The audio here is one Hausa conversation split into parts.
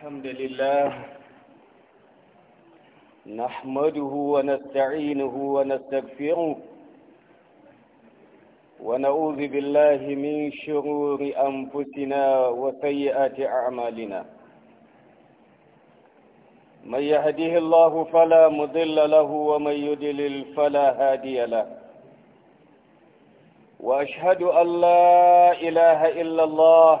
الحمد لله نحمده ونستعينه ونستغفره ونعوذ بالله من شرور أنفسنا وسيئات أعمالنا من يهده الله فلا مضل له ومن يدلل فلا هادي له وأشهد أن لا إله إلا الله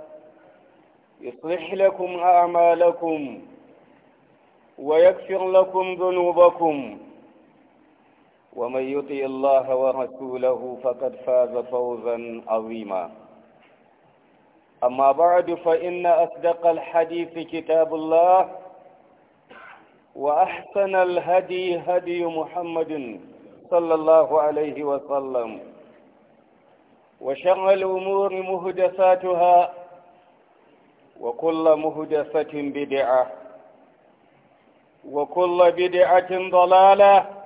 يصلح لكم أعمالكم ويكفر لكم ذنوبكم ومن يطع الله ورسوله فقد فاز فوزا عظيما أما بعد فإن أصدق الحديث كتاب الله وأحسن الهدي هدي محمد صلى الله عليه وسلم وشر الأمور مهدساتها وكل مهدفة بدعة وكل بدعة ضلالة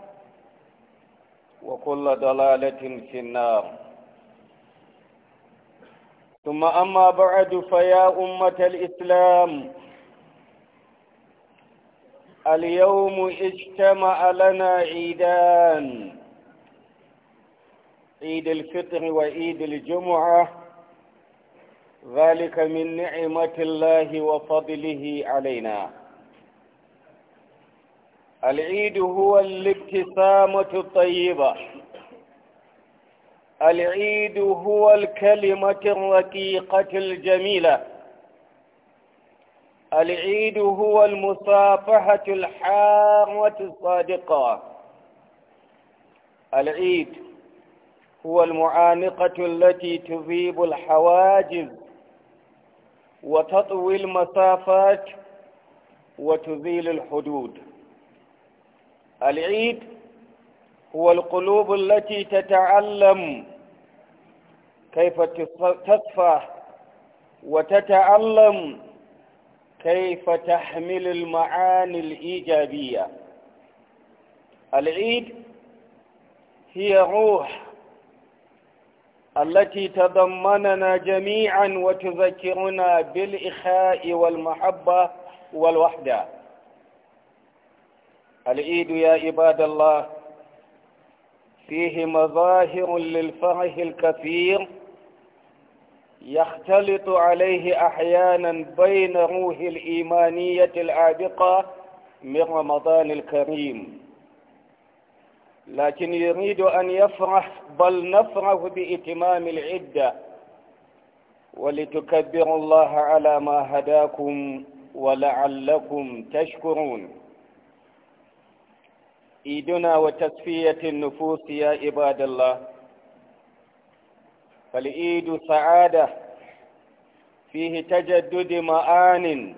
وكل ضلالة في النار ثم أما بعد فيا أمة الإسلام اليوم اجتمع لنا عيدان عيد الفطر وعيد الجمعه ذلك من نعمة الله وفضله علينا العيد هو الابتسامة الطيبة العيد هو الكلمة الرقيقة الجميلة العيد هو المصافحة الحارة الصادقة العيد هو المعانقة التي تذيب الحواجز وتطوي المسافات وتزيل الحدود العيد هو القلوب التي تتعلم كيف تصفى وتتعلم كيف تحمل المعاني الإيجابية العيد هي روح التي تضمننا جميعا وتذكرنا بالإخاء والمحبة والوحدة العيد يا عباد الله فيه مظاهر للفرح الكثير يختلط عليه أحيانا بين روح الإيمانية العابقة من رمضان الكريم لكن يريد أن يفرح بل نفرح بإتمام العدة ولتكبروا الله على ما هداكم ولعلكم تشكرون إيدنا وتصفية النفوس يا عباد الله فالإيد سعادة فيه تجدد مآنٍ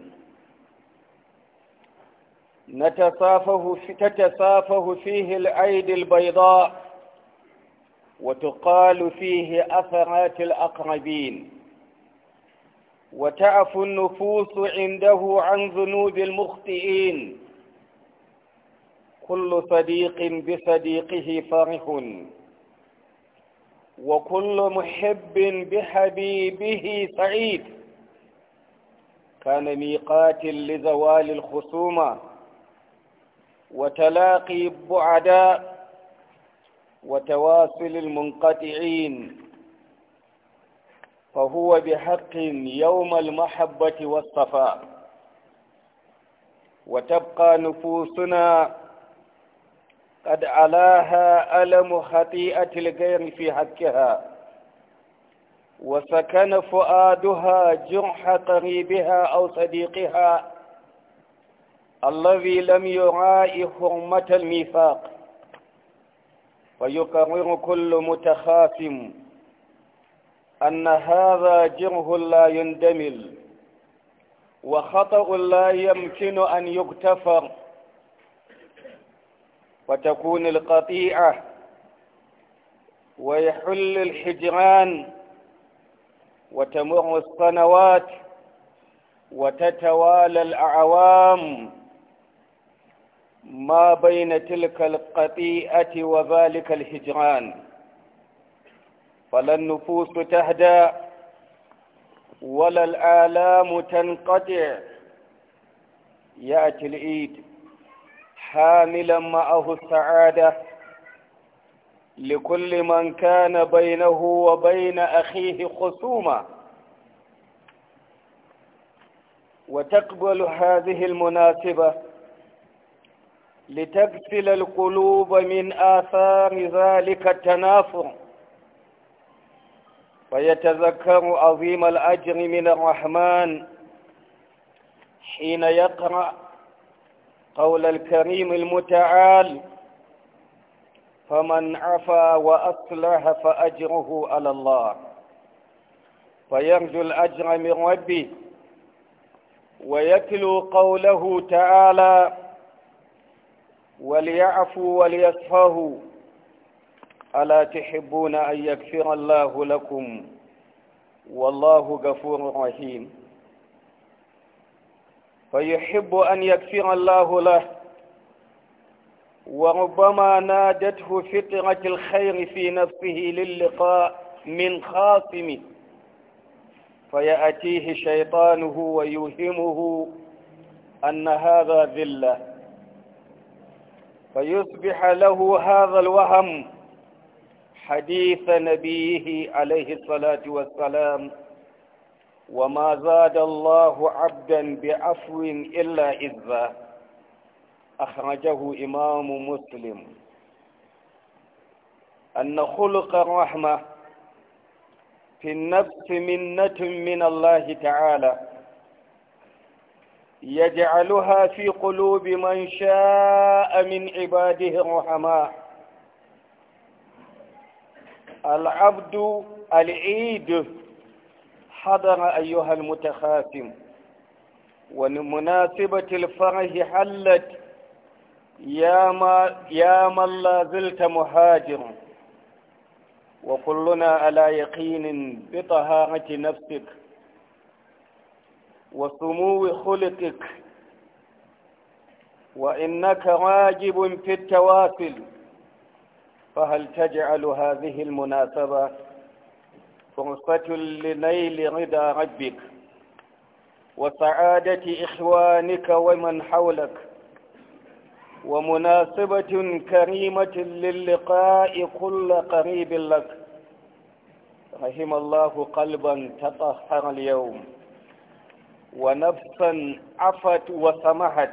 نتصافه في تتصافه فيه الأيدي البيضاء وتقال فيه أثرات الأقربين وتعفو النفوس عنده عن ذنوب المخطئين كل صديق بصديقه فرح وكل محب بحبيبه سعيد كان ميقات لزوال الخصومه وتلاقي البعداء وتواصل المنقطعين فهو بحق يوم المحبة والصفاء وتبقى نفوسنا قد علاها ألم خطيئة الغير في حقها وسكن فؤادها جرح قريبها أو صديقها الذي لم يراعي حرمة الميثاق ويقرر كل متخاسم أن هذا جره لا يندمل وخطأ لا يمكن أن يغتفر وتكون القطيعة ويحل الحجران وتمر السنوات وتتوالى الأعوام ما بين تلك القطيئة وذلك الهجران فلا النفوس تهدى ولا الآلام تنقطع يأتي العيد حاملا معه السعادة لكل من كان بينه وبين أخيه خصومة وتقبل هذه المناسبة لتغسل القلوب من آثار ذلك التنافر ويتذكر عظيم الأجر من الرحمن حين يقرأ قول الكريم المتعال فمن عفا وأصلح فأجره على الله فيرجو الأجر من ربه ويتلو قوله تعالى وليعفوا وليصفهوا ألا تحبون أن يكفر الله لكم والله غفور رحيم فيحب أن يكفر الله له وربما نادته فطرة الخير في نفسه للقاء من خاصمه فيأتيه شيطانه ويوهمه أن هذا ذلة فيصبح له هذا الوهم حديث نبيه عليه الصلاة والسلام وما زاد الله عبدا بعفو إلا إذا أخرجه إمام مسلم أن خلق الرحمة في النفس منة من الله تعالى يجعلها في قلوب من شاء من عباده الرحماء العبد العيد حضر أيها المتخاتم ومناسبة الفرح حلت يا ما يا من لا زلت مهاجرا وكلنا على يقين بطهارة نفسك وسمو خلقك وإنك واجب في التواصل فهل تجعل هذه المناسبة فرصة لنيل رضا ربك وسعادة إخوانك ومن حولك ومناسبة كريمة للقاء كل قريب لك رحم الله قلبا تطهر اليوم ونفسا عفت وسمحت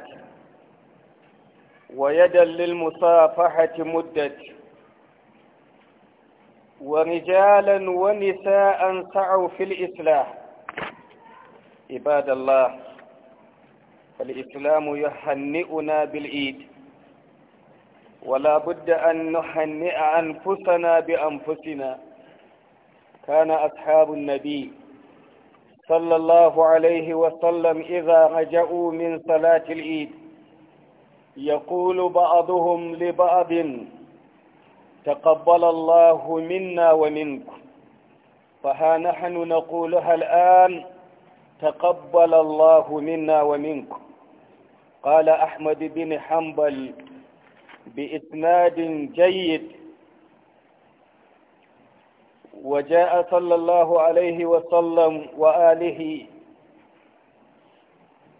ويدا للمصافحة مدت ورجالا ونساء سعوا في الإسلام عباد الله الإسلام يهنئنا بالعيد ولا بد أن نهنئ أنفسنا بأنفسنا كان أصحاب النبي صلى الله عليه وسلم إذا رجعوا من صلاة العيد يقول بعضهم لبعض تقبل الله منا ومنكم فها نحن نقولها الآن تقبل الله منا ومنكم قال أحمد بن حنبل بإسناد جيد وجاء صلى الله عليه وسلم وآله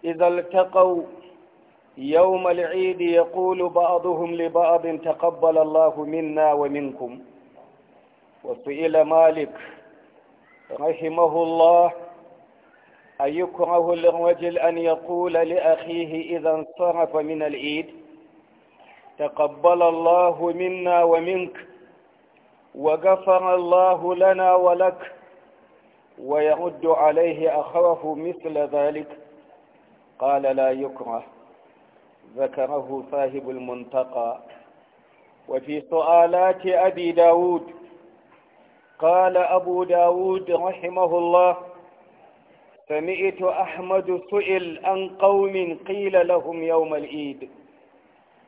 إذا التقوا يوم العيد يقول بعضهم لبعض تقبل الله منا ومنكم وسئل مالك رحمه الله أن يكره للرجل أن يقول لأخيه إذا انصرف من العيد تقبل الله منا ومنك وغفر الله لنا ولك ويرد عليه أخوه مثل ذلك قال لا يكره ذكره صاحب المنتقى وفي سؤالات أبي داود قال أبو داود رحمه الله سمعت أحمد سئل عن قوم قيل لهم يوم العيد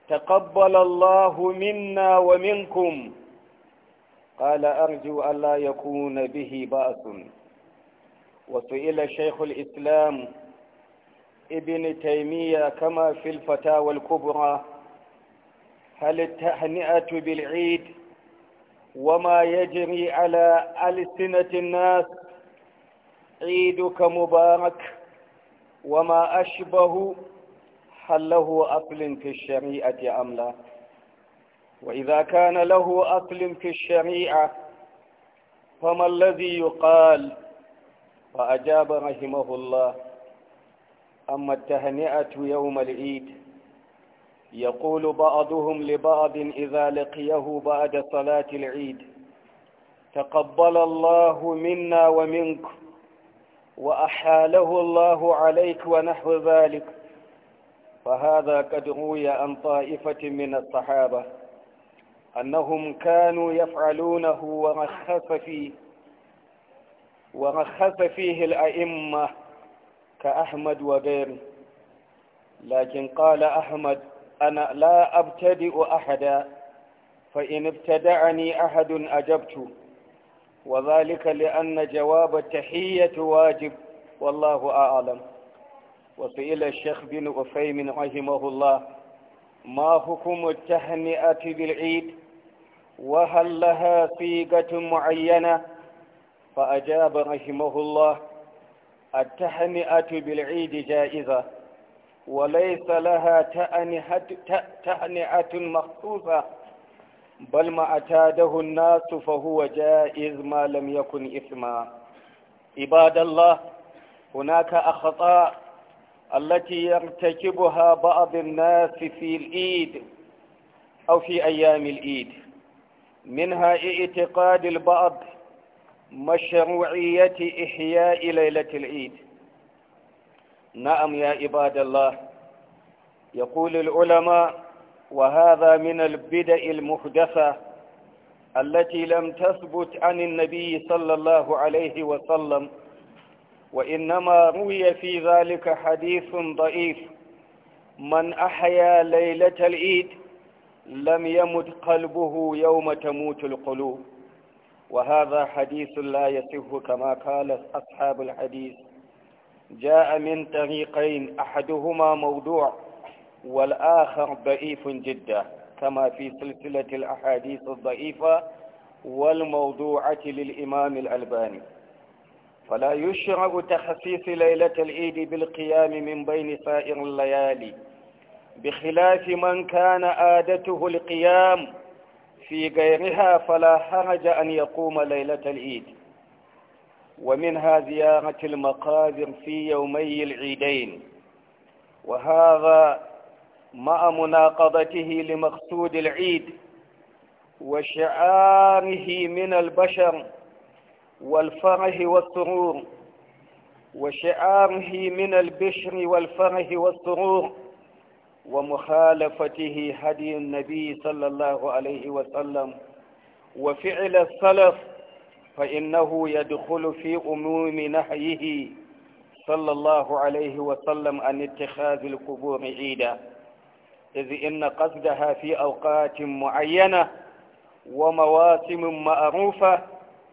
تقبل الله منا ومنكم قال أرجو ألا يكون به بأس وسئل شيخ الإسلام ابن تيمية كما في الفتاوى الكبرى هل التهنئة بالعيد وما يجري على ألسنة الناس عيدك مبارك وما أشبه هل له أصل في الشريعة أم لا؟ وإذا كان له أصل في الشريعة فما الذي يقال فأجاب رحمه الله أما التهنئة يوم العيد يقول بعضهم لبعض إذا لقيه بعد صلاة العيد تقبل الله منا ومنك وأحاله الله عليك ونحو ذلك فهذا قد روي عن طائفة من الصحابة أنهم كانوا يفعلونه ورخص فيه ورخص فيه الأئمة كأحمد وغيره لكن قال أحمد أنا لا أبتدئ أحدا فإن ابتدعني أحد أجبت وذلك لأن جواب التحية واجب والله أعلم وسئل الشيخ بن أفيم رحمه الله ما حكم التهنئة بالعيد وهل لها صيغة معينة فأجاب رحمه الله التهنئة بالعيد جائزة وليس لها تهنئة مخصوصة بل ما اعتاده الناس فهو جائز ما لم يكن إثما عباد الله هناك أخطاء التي يرتكبها بعض الناس في العيد أو في أيام العيد منها اعتقاد البعض مشروعية إحياء ليلة العيد نعم يا عباد الله يقول العلماء وهذا من البدع المحدثة التي لم تثبت عن النبي صلى الله عليه وسلم وإنما روي في ذلك حديث ضعيف من أحيا ليلة العيد لم يمت قلبه يوم تموت القلوب وهذا حديث لا يصح كما قال أصحاب الحديث جاء من طريقين أحدهما موضوع والآخر ضعيف جدا كما في سلسلة الأحاديث الضعيفة والموضوعة للإمام الألباني فلا يشرع تخصيص ليلة العيد بالقيام من بين سائر الليالي بخلاف من كان عادته القيام في غيرها فلا حرج أن يقوم ليلة العيد ومنها زيارة المقابر في يومي العيدين وهذا مع مناقضته لمقصود العيد وشعاره من البشر والفرح والسرور وشعاره من البشر والفرح والسرور ومخالفته هدي النبي صلى الله عليه وسلم وفعل السلف فإنه يدخل في أموم نهيه صلى الله عليه وسلم عن اتخاذ القبور عيدا إذ إن قصدها في أوقات معينة ومواسم معروفة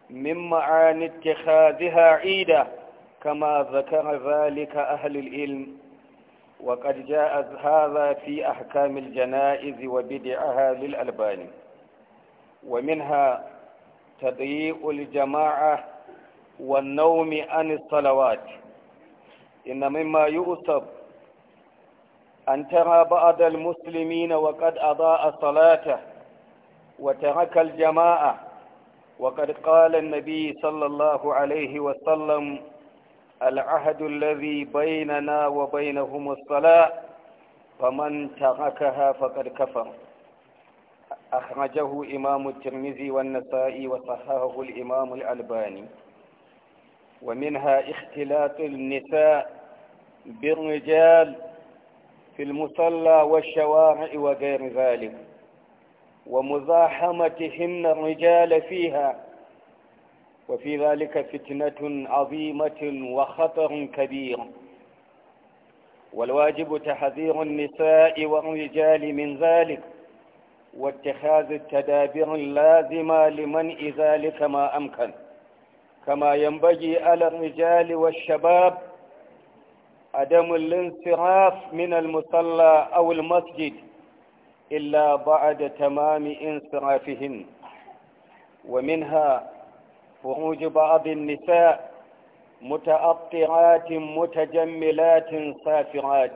من معاني اتخاذها عيدا كما ذكر ذلك أهل العلم وقد جاء هذا في أحكام الجنائز وبدعها للألباني ومنها تضيء الجماعة والنوم عن الصلوات إن مما يؤسف أن ترى بعض المسلمين وقد أضاء صلاته وترك الجماعة وقد قال النبي صلى الله عليه وسلم العهد الذي بيننا وبينهم الصلاة فمن تركها فقد كفر أخرجه إمام الترمذي والنسائي وصححه الإمام الألباني ومنها اختلاط النساء بالرجال في المصلى والشوارع وغير ذلك ومزاحمتهن الرجال فيها وفي ذلك فتنة عظيمة وخطر كبير والواجب تحذير النساء والرجال من ذلك واتخاذ التدابير اللازمة لمنع ذلك ما أمكن كما ينبغي على الرجال والشباب عدم الانصراف من المصلى أو المسجد إلا بعد تمام انصرافهن ومنها خروج بعض النساء متأطعات متجملات سافرات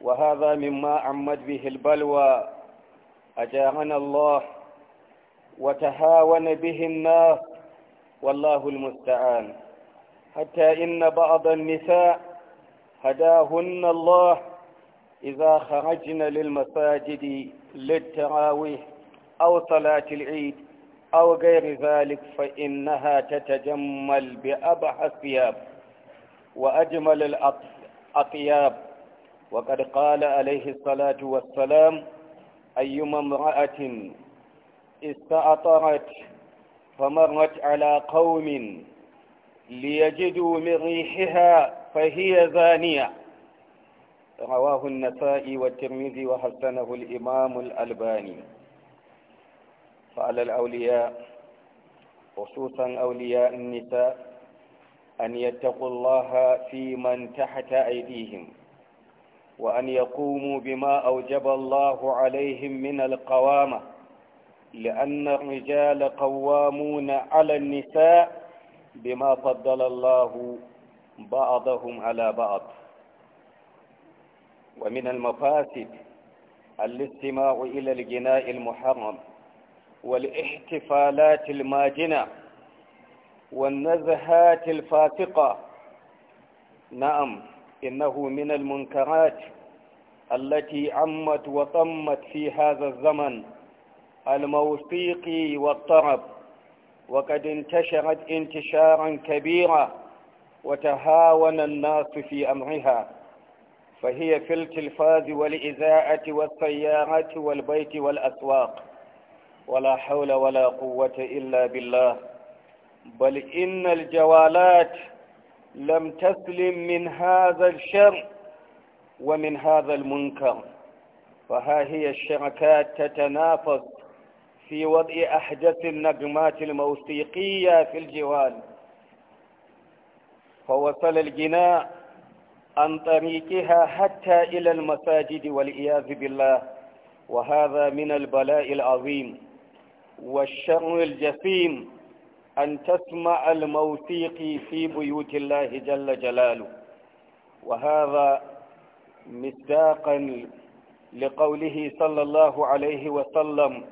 وهذا مما عمت به البلوى أجارنا الله وتهاون به الناس والله المستعان حتى إن بعض النساء هداهن الله إذا خرجن للمساجد للتراويح أو صلاة العيد أو غير ذلك فإنها تتجمل بأبحى الثياب وأجمل الأطياب وقد قال عليه الصلاة والسلام أيما امرأة استأطرت فمرت على قوم ليجدوا من ريحها فهي زانية رواه النسائي والترمذي وحسنه الإمام الألباني فعلى الأولياء خصوصا أولياء النساء أن يتقوا الله في من تحت أيديهم وأن يقوموا بما أوجب الله عليهم من القوامة لأن الرجال قوامون على النساء بما فضل الله بعضهم على بعض ومن المفاسد الاستماع إلى الجناء المحرم والاحتفالات الماجنة والنزهات الفاسقة نعم إنه من المنكرات التي عمت وطمت في هذا الزمن الموثيق والطرب وقد انتشرت انتشارا كبيرا وتهاون الناس في أمرها فهي في التلفاز والإذاعة والسيارات والبيت والأسواق ولا حول ولا قوة إلا بالله بل إن الجوالات لم تسلم من هذا الشر ومن هذا المنكر فها هي الشركات تتنافس في وضع أحدث النجمات الموسيقية في الجوال فوصل الجناء عن طريقها حتى إلى المساجد والعياذ بالله وهذا من البلاء العظيم والشر الجسيم أن تسمع الموثيق في بيوت الله جل جلاله وهذا مصداقا لقوله صلى الله عليه وسلم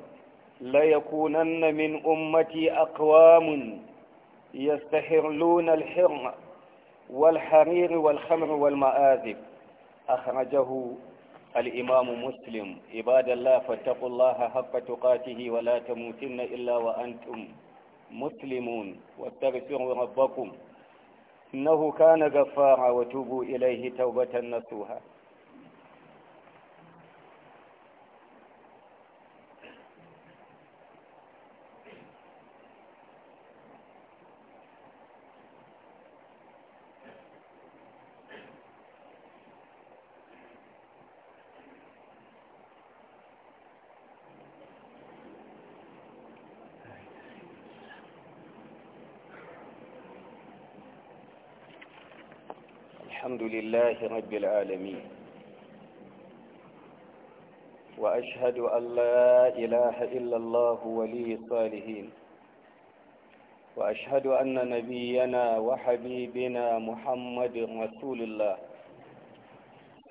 ليكونن من أمتي أقوام يستحرلون الحر والحرير والخمر والمآذب أخرجه الإمام مسلم عباد الله فاتقوا الله حق تقاته ولا تموتن إلا وأنتم مسلمون واستغفروا ربكم إنه كان غفارا وتوبوا إليه توبة نصوحا لله رب العالمين وأشهد أن لا إله إلا الله ولي الصالحين وأشهد أن نبينا وحبيبنا محمد رسول الله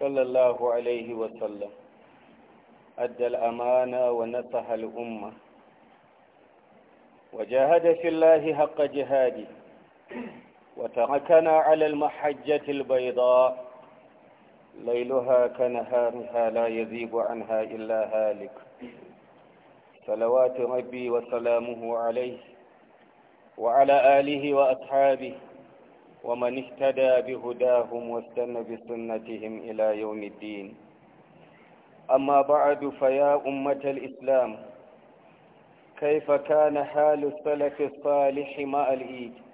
صلى الله عليه وسلم أدى الأمانة ونصح الأمة وجاهد في الله حق جهاده وتركنا على المحجة البيضاء ليلها كنهارها لا يذيب عنها إلا هالك صلوات ربي وسلامه عليه وعلى آله وأصحابه ومن اهتدى بهداهم واستنى بسنتهم إلى يوم الدين أما بعد فيا أمة الإسلام كيف كان حال السلف الصالح مع الإيد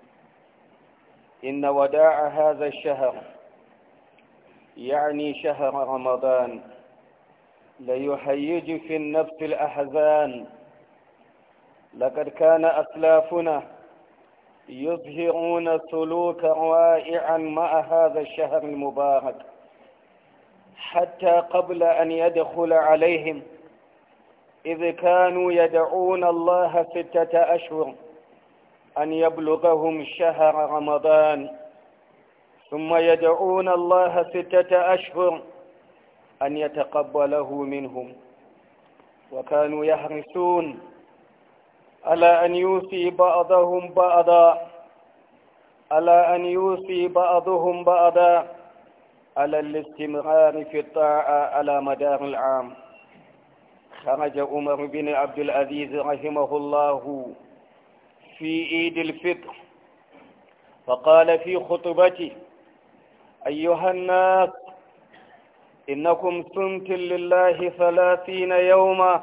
إن وداع هذا الشهر يعني شهر رمضان ليهيج في النفس الأحزان لقد كان أسلافنا يظهرون سلوكا رائعا مع هذا الشهر المبارك حتى قبل أن يدخل عليهم إذ كانوا يدعون الله ستة أشهر أن يبلغهم شهر رمضان ثم يدعون الله ستة أشهر أن يتقبله منهم وكانوا يحرصون على أن يوصي بعضهم بعضا على أن يوصي بعضهم بعضا على الاستمرار في الطاعة على مدار العام خرج عمر بن عبد العزيز رحمه الله في عيد الفطر فقال في خطبته أيها الناس إنكم سمتم لله ثلاثين يوما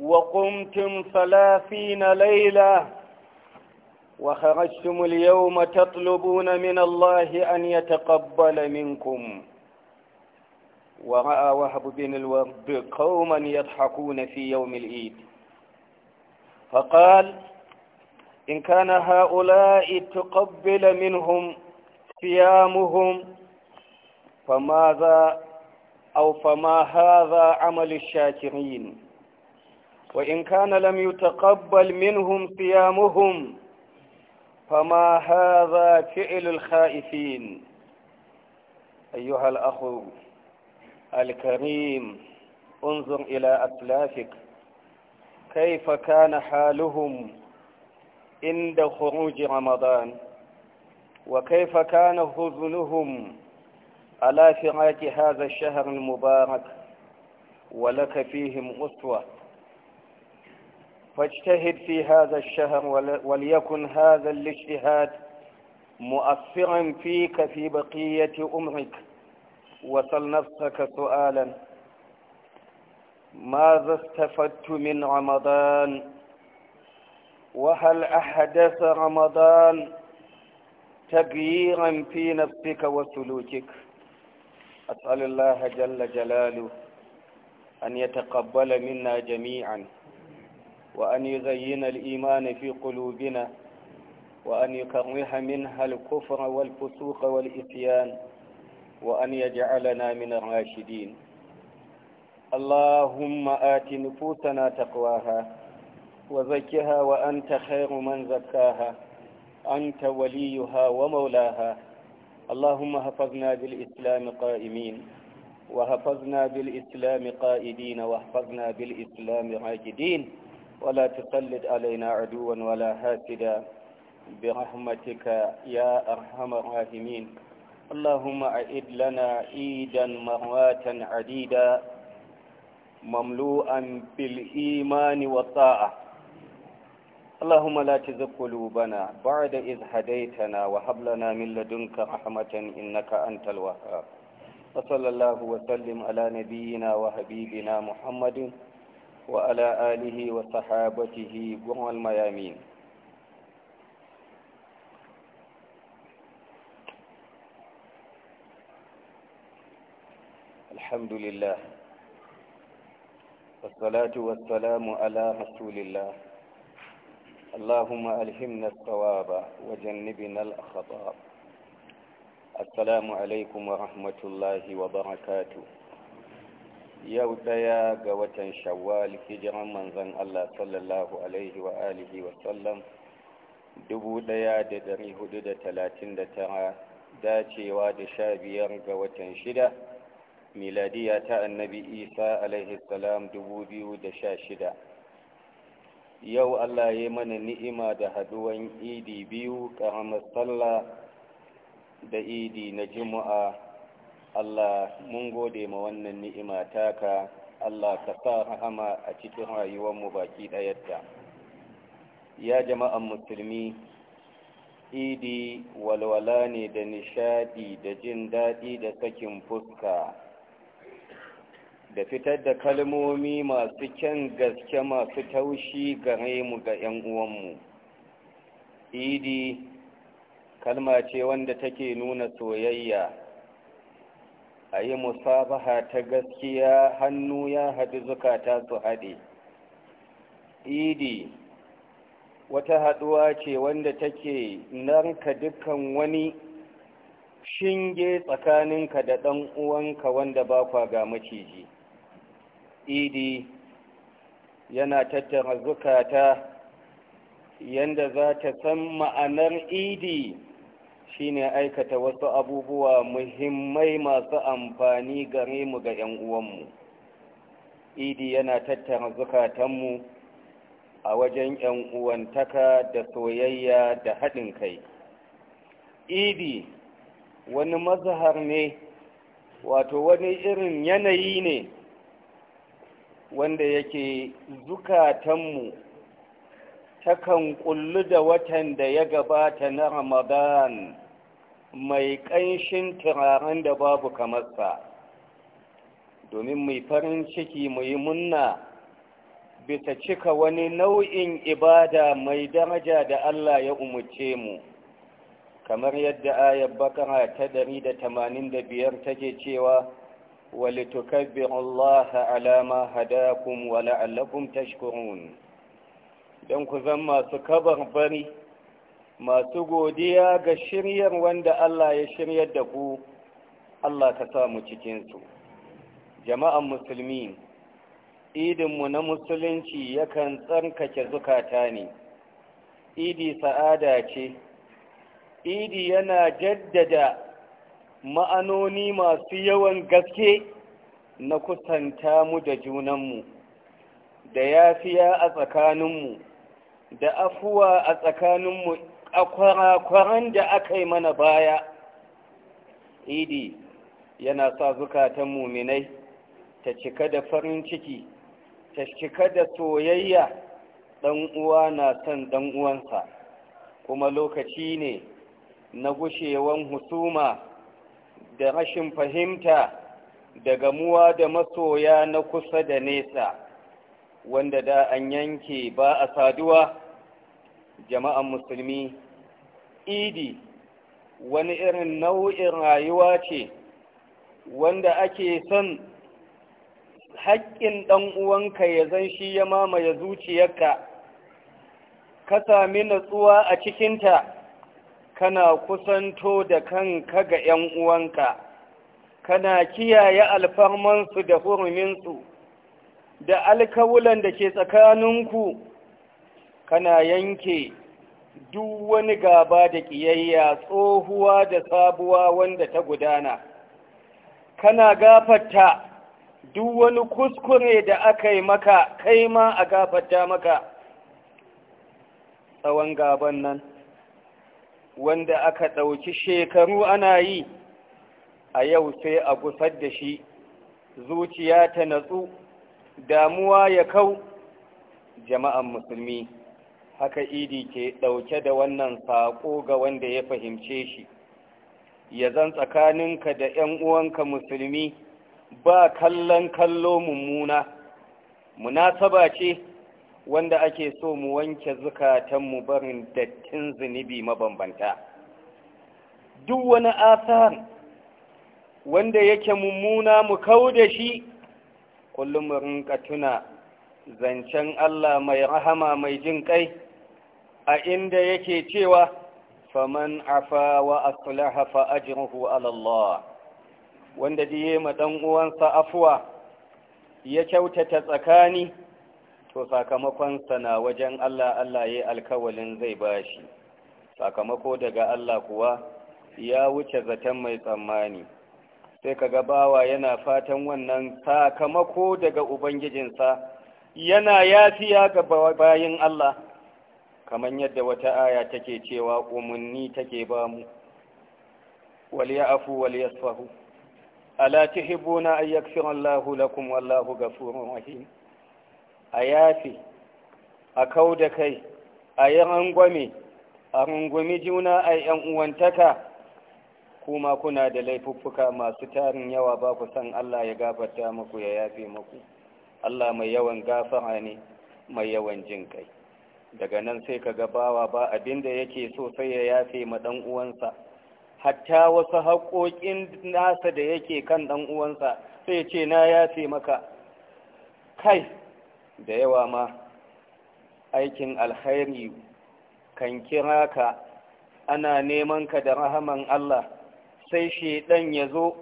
وقمتم ثلاثين ليلة وخرجتم اليوم تطلبون من الله أن يتقبل منكم ورأى وهب بن الورد قوما يضحكون في يوم العيد فقال إن كان هؤلاء تقبل منهم صيامهم فماذا أو فما هذا عمل الشاكرين وإن كان لم يتقبل منهم صيامهم فما هذا فعل الخائفين أيها الأخ الكريم انظر إلى أسلافك كيف كان حالهم عند خروج رمضان وكيف كان حزنهم على فراق هذا الشهر المبارك ولك فيهم أسوة فاجتهد في هذا الشهر وليكن هذا الاجتهاد مؤثرا فيك في بقية أمرك وصل نفسك سؤالا ماذا استفدت من رمضان وهل أحدث رمضان تغييرا في نفسك وسلوكك أسأل الله جل جلاله أن يتقبل منا جميعا وأن يزين الإيمان في قلوبنا وأن يكره منها الكفر والفسوق والإتيان وأن يجعلنا من الراشدين اللهم آت نفوسنا تقواها وزكها وأنت خير من زكاها أنت وليها ومولاها اللهم حفظنا بالإسلام قائمين وحفظنا بالإسلام قائدين واحفظنا بالإسلام راجدين ولا تقلد علينا عدوا ولا حاسدا برحمتك يا أرحم الراحمين اللهم أعد لنا عيدا مرات عديدا مملوءا بالإيمان والطاعة اللهم لا تزغ قلوبنا بعد إذ هديتنا وهب لنا من لدنك رحمة إنك أنت الوهاب وصلى الله وسلم على نبينا وحبيبنا محمد وعلى آله وصحابته والميامين الميامين الحمد لله والصلاة والسلام على رسول الله اللهم ألهمنا الصواب وجنبنا الأخطاء السلام عليكم ورحمة الله وبركاته yau ɗaya ga watan shawwal hijiran manzon Allah sallallahu alaihi wa alihi wa sallam tara, dacewa da sha biyar ga watan shida miladiya ta annabi isa alaihi salam shida. yau Allah ya mana ni'ima da haduwan idi biyu ƙaramar sallah da idi na juma'a Allah mun gode ma wannan ni'ima taka Allah ka sa rahama a cikin rayuwar mu baki ɗayarta ya jama'an musulmi idi walwala ne da nishadi da jin daɗi da sakin fuska da fitar da kalmomi masu kyan gaske masu taushi gare mu ga 'yan uwanmu idi kalma ce wanda take nuna soyayya a yi musabaha ta gaskiya hannu ya haɗu zukata su haɗe idi wata haɗuwa ce wanda take narka dukkan wani shinge tsakaninka da ɗan uwanka wanda ba kwa ga maciji idi yana tattara zukata yanda za ta san ma'anar idi shine aikata wasu abubuwa muhimmai masu amfani gare mu ga 'yan uwanmu idi yana tattara zukatanmu a wajen 'yan uwantaka da soyayya da haɗin kai idi wani mazhar ne wato wani irin yanayi ne wanda yake zukatanmu takan kullu da watan da ya gabata na ramadan mai ƙanshin turaren da babu kamarsa domin mai farin ciki mai munna bisa cika wani nau'in ibada mai daraja da Allah ya umarce mu kamar yadda ayar bakara ta 185 take cewa ولتكبروا الله على ما هداكم ولعلكم تشكرون don ku zan masu kabar bari masu godiya ga shiryar wanda Allah ya shiryar da ku Allah ka samu cikinsu jama'an musulmi idinmu na musulunci yakan tsarkake zukata ne idi sa'ada ce idi yana jaddada ma'anoni masu yawan gaske na kusanta mu da junanmu da yafiya a tsakaninmu da afuwa a tsakaninmu a kwarakwaran da aka yi mana baya idi yana sa zukatan muminai ta cika da farin ciki ta cika da soyayya ɗan uwa na son ɗan uwansa kuma lokaci ne na gushewan husuma da rashin fahimta da gamuwa da masoya na kusa da nesa wanda da an yanke ba a saduwa jama'an musulmi idi wani irin nau'in rayuwa ce wanda ake son haƙƙin ɗan uwanka ya zan shi ya mamaye zuciyarka ka sami natsuwa a cikinta kana kusanto da kanka ga ‘yan uwanka, kana kiyaye alfarmansu da huruminsu, da alkawulan da ke tsakaninku, kana yanke duk wani gaba da ƙiyayya tsohuwa da sabuwa wanda ta gudana, kana gafata duk wani kuskure da aka yi maka, kai ma a gafarta maka. Tsawon gaban nan. wanda aka ɗauki shekaru ana yi a yau sai a gusar da shi zuciya ta natsu damuwa ya kau jama'an musulmi haka idi ke ɗauke da wannan saƙo ga wanda ya fahimce shi ya zan tsakaninka da 'yan uwanka musulmi ba kallon kallo mummuna munasaba ce wanda ake so mu wanke zukatanmu barin dattin zunubi mabambanta duk wani asar wanda yake mummuna mu kau da shi kullum rinka tuna zancen Allah mai rahama mai jin kai a inda yake cewa faman afa wa aslaha fa ajruhu ala Allah wanda diye ma dan uwansa afwa ya kyautata tsakani to sakamakon na wajen Allah Allah ya alkawalin zai bashi sakamako daga Allah kuwa ya wuce zaton mai tsammani sai kaga bawa yana fatan wannan sakamako daga ubangijinsa yana yafiya ga bayin Allah kamar yadda wata aya take cewa umunni take bamu wal waliyafu wal ala tuhibuna an Allahu lakum wallahu ghafurur rahim a yafi a kau da kai a yi rangwame a rungumi juna a yan uwantaka kuma kuna da laifuffuka masu tarin yawa ba ku san Allah ya gafarta muku ya yafe muku Allah mai yawan gafara ne mai yawan jin kai daga nan sai ka gabawa ba abinda yake so sai ya yafe ma dan uwansa hatta wasu haƙoƙin nasa da yake kan dan uwansa sai ce na yafe maka kai da yawa ma aikin alkhairi kan kira ka ana neman ka da rahaman Allah sai shedan ya zo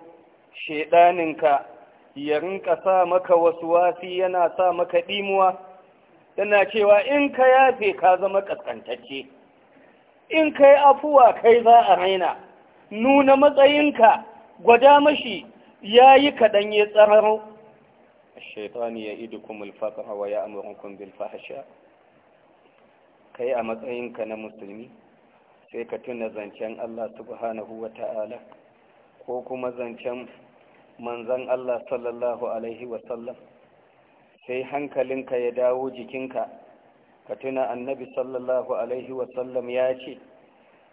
shedaninka ya rinka sa maka wasu wasi yana sa maka dimuwa yana cewa in ka yafe ka zama kaskantacce in kai afuwa kai za a raina nuna matsayinka gwada mashi ya yi kaɗan ya tsararo الشيطان يئدكم الفقر ويأمركم بالفحشاء kai a matsayinka na musulmi sai ka tuna zancen Allah subhanahu wa ta'ala ko kuma zancen manzan Allah sallallahu alaihi sai hankalinka ya dawo jikinka ka tuna annabi sallallahu alaihi wasallam ya ce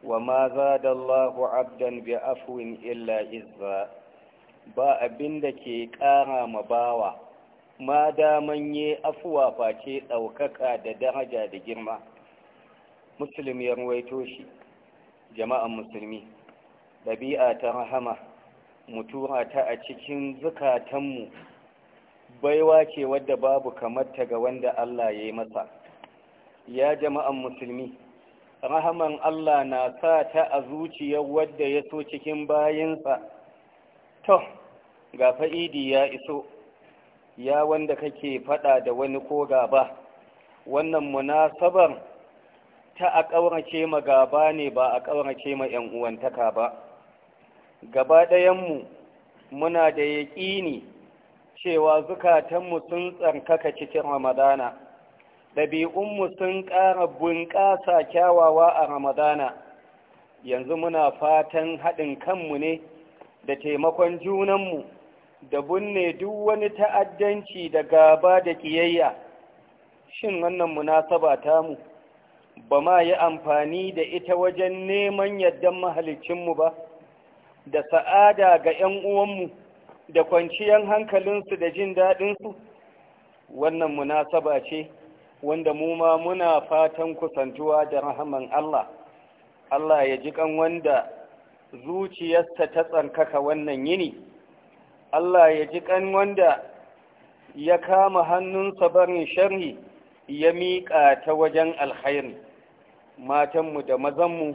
wa ma za da Allahu abdan bi afwin illa izza ba abin da ke ƙara ma bawa ma daman yi afuwa face ɗaukaka da daraja da girma musulmi ya ruwaito shi jama'an musulmi ɗabi'a ta rahama mutura ta a cikin zukatanmu baiwa ce wadda babu kamar ta ga wanda Allah ya yi masa ya jama'an musulmi rahaman Allah na sa ta a zuciyar wadda ya so cikin bayinsa to ga fa'idi ya iso ya wanda kake fada da wani ko gaba wannan munasabar ta a ƙaurake ma gaba ne ba a ƙaurake ma 'yan uwantaka ba gaba ɗayanmu muna da yaƙini cewa zukatanmu sun tsarkaka cikin ramadana ɗabi'unmu sun ƙara bunƙasa kyawawa a ramadana yanzu muna fatan haɗin kanmu ne da taimakon junanmu da bunne duk wani ta'addanci da gaba da ƙiyayya shin wannan munasaba ta mu ba ma yi amfani da ita wajen neman yardan mahalicinmu ba da sa'ada ga 'yan uwanmu da kwanciyar hankalinsu da jin daɗinsu wannan munasaba ce wanda mu ma muna fatan kusantuwa da rahaman Allah Allah ya ji kan wanda zuciyarsa ta tsarkaka wannan yini Allah ya ji kan wanda ya kama hannunsa barin sharhi ya miƙa ta wajen alhairi matanmu da mazanmu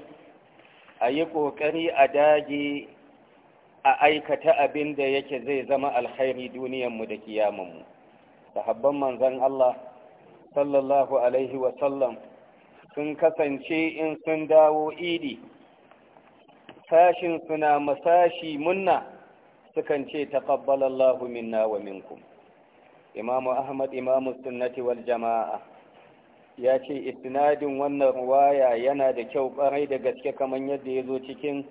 a yi ƙoƙari a dage a aikata abin da yake zai zama alhairi duniyanmu da kiyamanmu habban manzan Allah sallallahu alaihi wasallam sun kasance in sun dawo idi sashin suna masashi munna sukan ce taqabbalallahu minna wa minkum imamu ahmad imamu sunnati wal jama'a ya ce istinadin wannan ruwaya yana da kyau ƙwarai da gaske kamar yadda ya zo cikin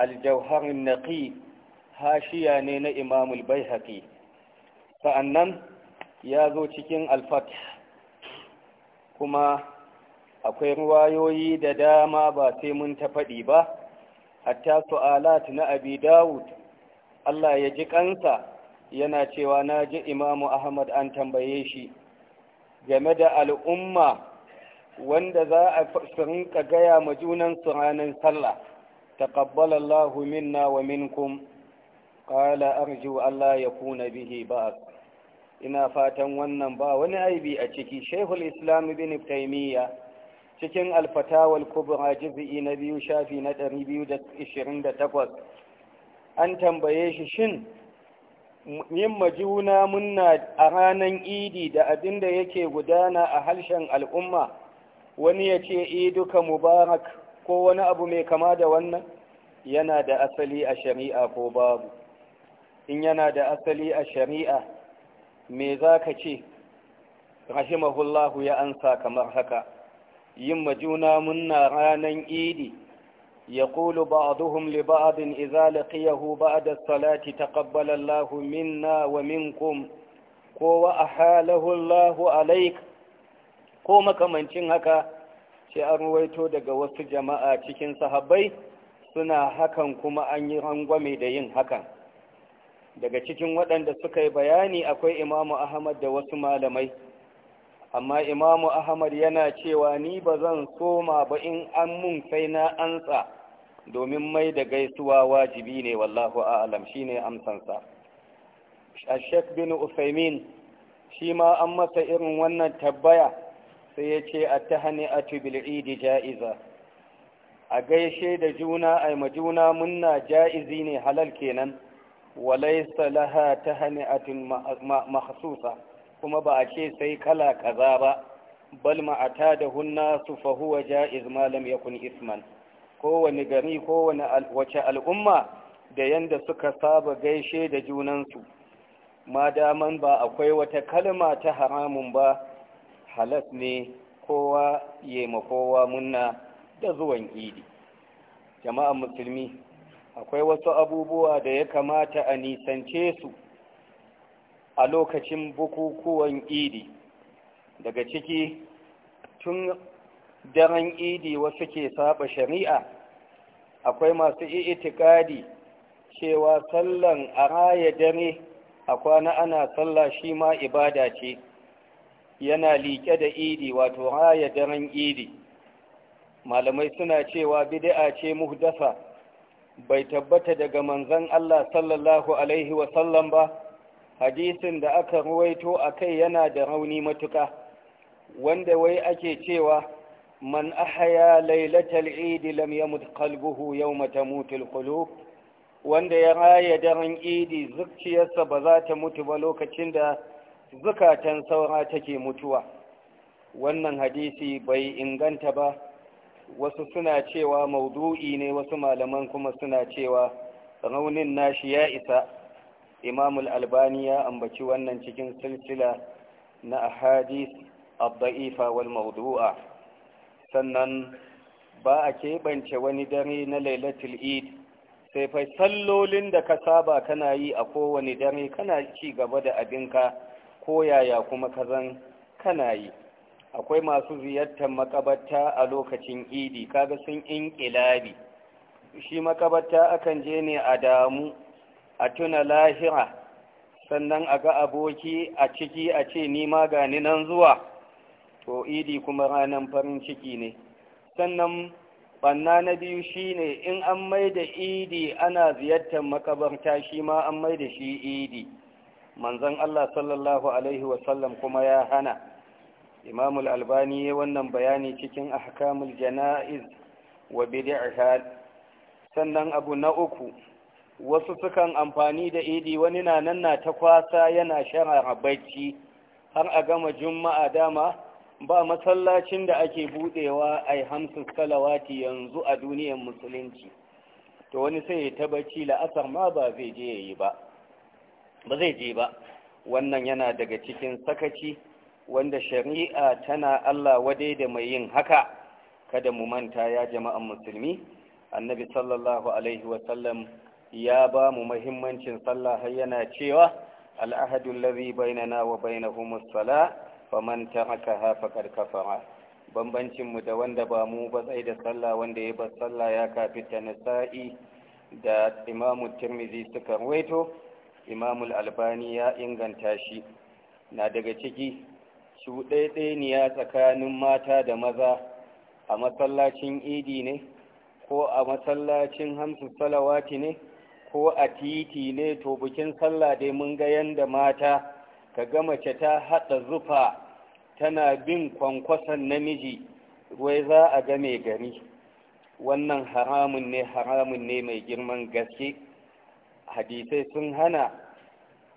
aljauharin naƙi, hashiya ne na imamul baihaqi sa'annan ya zo cikin alfat kuma akwai ruwayoyi da dama ba sai mun ta faɗi ba hatta su'alat na abi dawud Allah ya ji kansa yana cewa na ji imamu Ahmad an tambaye shi game da al'umma wanda za a rinka gaya ma junan su ranar sallah taqabbalallahu minna wa minkum qala arju Allah ya kuna bihi ba ina fatan wannan ba wani aibi a ciki shehul islam bin Taimiyya, cikin alfatawal kubra juz'i na biyu shafi na 228 an tambaye shi shin yin majuna munna a ranan idi da abin da yake gudana a harshen al'umma wani ya ce iduka mubarak ko wani abu mai kama da wannan yana da asali a shari'a ko babu in yana da asali a shari'a me za ka ce rahimahullahu ya ansa kamar haka yin majuna munna ranar idi يقول بعضهم لبعض إذا لقيه بعد الصلاة تقبل الله منا ومنكم كو أحاله الله عليك ko makamancin haka ce an ruwaito daga wasu jama'a cikin sahabbai suna hakan kuma an yi rangwame da yin hakan daga cikin waɗanda suka yi bayani akwai imamu ahmad da wasu malamai amma imamu ahmad yana cewa ni ba zan soma ba in an mun sai na ansa domin mai da gaisuwa wajibi ne wallahu a'lam shine amsansa Sheikh bin Usaimin shi ma an masa irin wannan tabbaya sai ya ce a ta hani a ja'iza a gaishe da juna a ma juna munna ja'izi ne halal kenan walaisa laha ta hani kuma ba a ce sai kala kaza ba bal ma'ata da hunna su fahuwa ja'iz malam yakun isman kowane gari kowane wace al'umma da yanda suka saba gaishe da junansu ma daman ba akwai wata kalma ta haramun ba halas ne kowa yema kowa munna da zuwan idi jama'an musulmi akwai wasu abubuwa da ya kamata a nisance su a lokacin bukukuwan idi daga ciki tun daren idi wasu ke saba shari'a akwai masu itikadi cewa sallan a raya dare a kwana ana sallah shi ma ibada ce yana liƙe da idi wato raya daren idi malamai suna cewa bid'a ce muhdasa bai tabbata daga manzon Allah sallallahu alaihi sallam ba hadisin da aka ruwaito akai yana da rauni matuka wanda wai ake cewa من أحيا ليلة العيد لم يمت قلبه يوم تموت القلوب daren يا راية درن عيدي زكي يسب ذات موت ولوك تشند زكاة سوراتك متوى wannan hadisi bai inganta ba wasu suna cewa maudu'i ne wasu malaman kuma suna cewa raunin nashi ya isa imamul albani ya ambaci wannan cikin silsila na ahadis abda'ifa wal maudu'a sannan ba a keɓance wani dare na lailatul eid sai fa sallolin da ka saba kana yi a kowane dare kana ci gaba da abinka ko yaya kuma kazan kana yi akwai masu ziyartar makabarta a lokacin idi kaga sun in ilabi. shi makabarta akan je ne a damu a tuna lahira sannan a ga aboki a ciki a ce ni ma gani nan zuwa to idi kuma ranar farin ciki ne sannan banna na biyu shine in an mai da idi ana ziyartar makabarta shi ma an mai da shi idi manzon Allah sallallahu alaihi wasallam kuma ya hana imamul albani ya wannan bayani cikin ahkamul jana'iz wa bid'ah sannan abu na uku wasu sukan amfani da idi wani na nan na ta kwasa yana shara barci. har a gama juma'a dama ba masallacin da ake budewa a hamsin salawati yanzu a duniyar musulunci to wani sai ya tabbaci la'asar ma ba zai je yi ba ba zai je ba wannan yana daga cikin sakaci wanda shari'a tana Allah wadai da mai yin haka kada mu manta ya jama'an musulmi annabi sallallahu alaihi wasallam ya ba mu muhimmancin sallah har yana cewa al'ahadul ladhi bainana wa bainahumus salat faman tarakaha faqad kafara bambancin mu da wanda ba mu ba sai da sallah wanda ya ba sallah ya kafita nasa'i da imamu tirmizi suka ruwaito imamu albani ya inganta shi na daga ciki ya tsakanin mata da maza a masallacin idi ne ko a masallacin hamsu salawati ne ko a titi ne to bikin sallah dai mun ga yanda mata ka ga mace ta haɗa zufa tana bin kwankwason namiji wai za a ga mai gari wannan haramun ne haramun ne mai girman gaske hadisai sun hana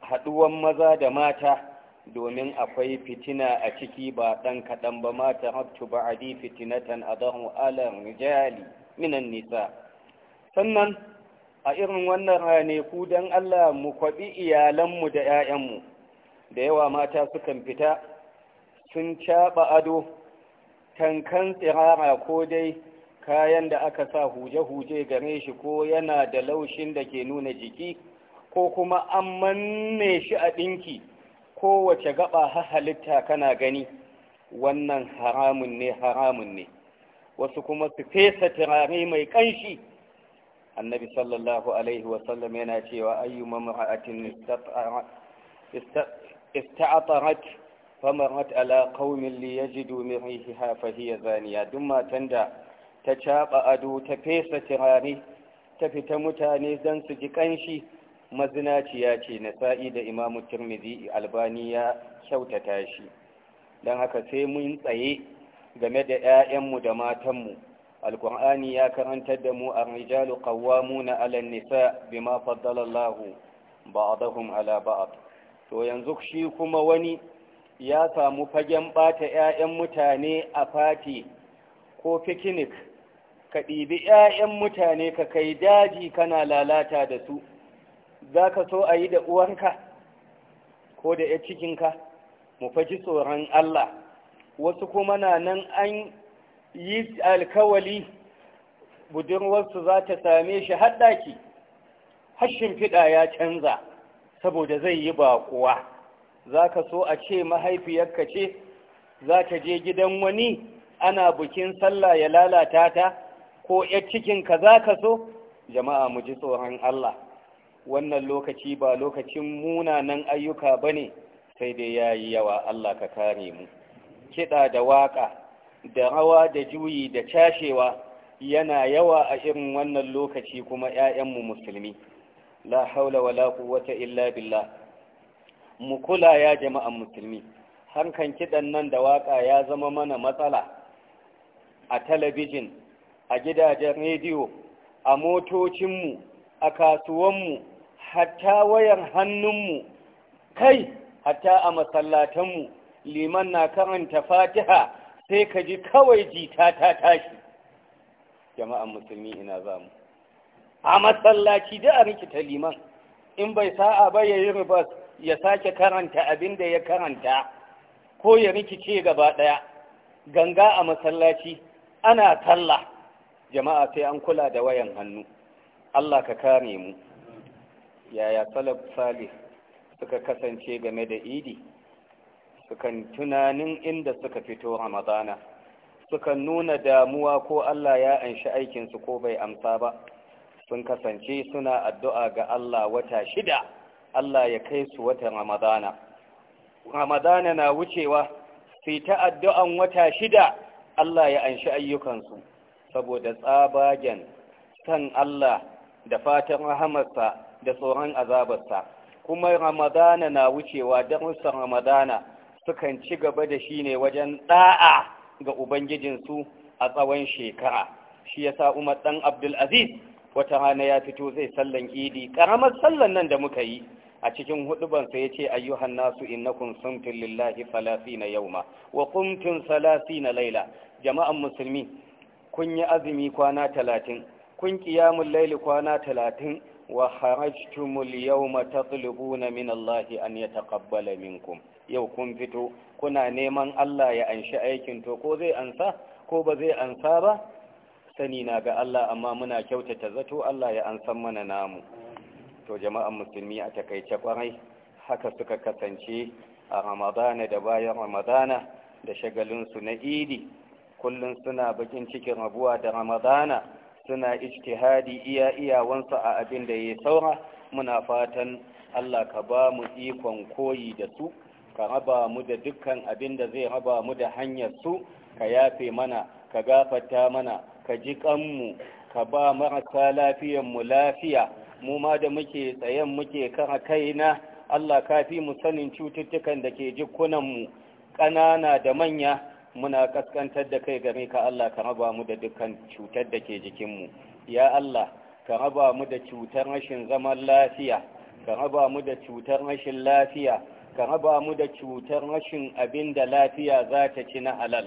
haɗuwan maza da mata domin akwai fitina a ciki ba ɗan kaɗan ba mata haftu ba a di fitinatan a zahun alar rijali minan nisa sannan a irin wannan rane ku don allah mu kwaɓi iyalanmu da 'ya'yanmu da yawa mata sukan fita sun caɓa ado tankan tsirara ko dai kayan da aka sa huje-huje gare shi ko yana da laushin da ke nuna jiki ko kuma an manne shi a ɗinki kowace gaba ha halitta kana gani wannan haramun ne haramun ne wasu kuma su fesa turare mai ƙanshi annabi sallallahu alaihi wasallam yana cewa ayyuma ma'atin istat ista'atarat famarat ala qaumin li yajidu min fa hiya zaniya duk matan da ta caba ado ta fesa turare ta fita mutane dan su ji kanshi mazinaciya ce na sa'i da imamu tirmidhi albaniya kyautata shi don haka sai mun tsaye game da mu da matanmu alkur'ani ya karantar da mu a rijalu qawwamuna 'ala nisa bima faddala Allahu ba'dahum 'ala ba'd to yanzu shi kuma wani ya samu fagen ɓata 'ya'yan mutane a fati ko fikinik ka ɗibi 'ya'yan mutane ka kai daji kana lalata da su za ka so a yi da uwanka ko da 'ya cikinka mu faji tsoron Allah wasu kuma na nan an yi alkawali budurwarsu za ta same shi haɗaki hashin fiɗa ya canza saboda zai yi baƙuwa za ka so a ce mahaifiyarka ce za ka je gidan wani ana bukin sallah ya lalata ta ko ‘yar cikinka za ka so jama'a mu ji tsoron Allah wannan lokaci ba lokacin munanan ayyuka ba ne sai dai ya yi yawa Allah ka kare mu kiɗa da waƙa da rawa da juyi da cashewa yana yawa a irin wannan lokaci kuma ‘ya'yanmu musulmi la haula wala quwwata illa billah mu kula ya jama'an musulmi hankan kidan nan da waka ya zama mana matsala a talabijin a gidajen rediyo a motocinmu a kasuwanmu hatta wayar hannunmu kai hatta a masallatanmu liman na karanta fatiha sai ka ji kawai jita ta tashi jama'an musulmi ina zamu a masallaci da a rikita liman in bai sa'a ba ya yi ribas ya sake karanta abin da ya karanta ko ya rikice gaba ɗaya ganga a masallaci ana talla jama'a sai an kula da wayan hannu Allah ka kare mu yaya salaf salih suka kasance game da idi sukan tunanin inda suka fito ramadana sukan nuna damuwa ko Allah ya anshi aikinsu ko bai amsa ba sun kasance suna addu'a ga Allah wata shida Allah ya kai su wata Ramadana Ramadana na wucewa sai ta addu'an wata shida Allah ya anshi ayyukansu saboda tsabagen san Allah da fatan rahamarsa da tsoron azabarsa kuma Ramadana na wucewa darussan Ramadana sukan ci gaba da shi ne wajen ɗa'a ga Ubangijinsu a tsawon shekara shi yasa Umar ɗan Abdulaziz. wata hana ya fito zai sallan idi karamar sallan nan da muka yi a cikin hudubansa ya ce ayyuhan nasu innakum sumtum lillahi na yauma wa salasi na laila jama'an musulmi kun yi azumi kwana talatin kun qiyamul laili kwana talatin wa kharajtumul yawma tatlubuna min Allahi an yataqabbala minkum yau kun fito kuna neman Allah ya anshi aikin to ko zai ansa ko ba zai ansa ba sani na ga Allah amma muna kyautata zato Allah ya an mana namu to jama'an musulmi a takaice kwarai haka suka kasance a ramadana da bayan ramadana da shagalinsu na idi kullum suna bakin cikin rabuwa da ramadana suna ijtihadi iya iyawansu a abin da ya saura muna fatan Allah ka ba mu ikon koyi da su ka raba mu da dukkan abin da zai raba mu da hanyar su ka yafe mana ka gafata mana ka ji kanmu ka ba marasa mu lafiya mu ma da muke tsayen muke kara kaina Allah ka fi mu sanin cututtukan da ke jikunanmu ƙanana da manya muna kaskantar da kai game ka Allah ka raba mu da dukkan cutar da ke jikinmu ya Allah ka raba mu da cutar rashin zaman lafiya ka raba mu da cutar rashin lafiya ka raba mu da cutar rashin abin da lafiya za ta ci na halal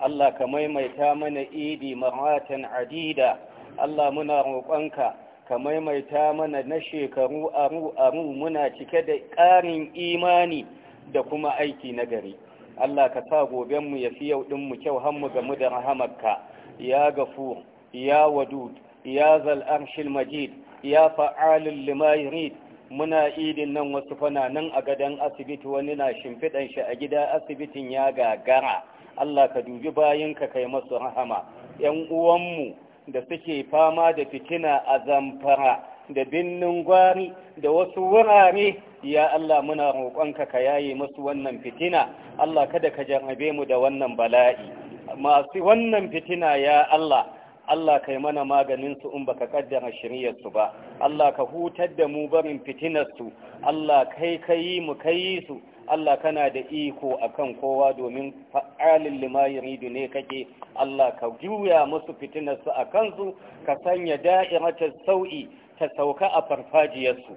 Allah ka maimaita mana idi maratan adida Allah muna roƙonka ka maimaita mana na shekaru aru aru muna cike da ƙarin imani da kuma aiki na gari Allah ka sa mu ya fi yau ɗinmu kyau ga mu da rahamarka ya gafur ya wadud ya zal arshil majid ya fa'alin lima yurid muna idin nan wasu fana nan a gadon asibiti wani na shimfiɗan shi a gida asibitin ya gagara Allah ka dubi bayan ka kai masu rahama ‘yan uwanmu da suke fama da fitina a zamfara da binnin gwari da wasu wurare ya Allah muna roƙonka ka yaye masu wannan fitina Allah kada ka jarrabe mu da wannan bala'i masu wannan fitina ya Allah Allah kai mana maganin su in baka kaddara shiryarsu ba Allah ka hutar da mu barin fitinar su, Allah kai kai mu kai su Allah kana da iko akan kowa domin fa'alin lima yuridu ne kake Allah ka juya musu fitinarsu a kansu ka sanya da'iratar sau'i ta sauka a farfajiyarsu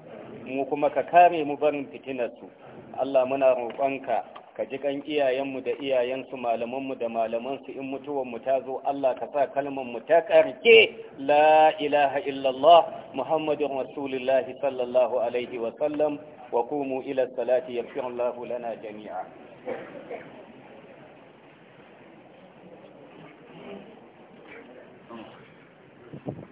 mu kuma ka kare mu barin fitinarsu Allah muna roƙonka ka ji kan iyayenmu da iyayensu malamanmu da malamansu in mutuwanmu ta zo Allah ka sa mu ta karke la ilaha illallah muhammadun rasulullahi sallallahu alaihi sallam. وقوموا إلى الصلاة يغفر الله لنا جميعا Thank you.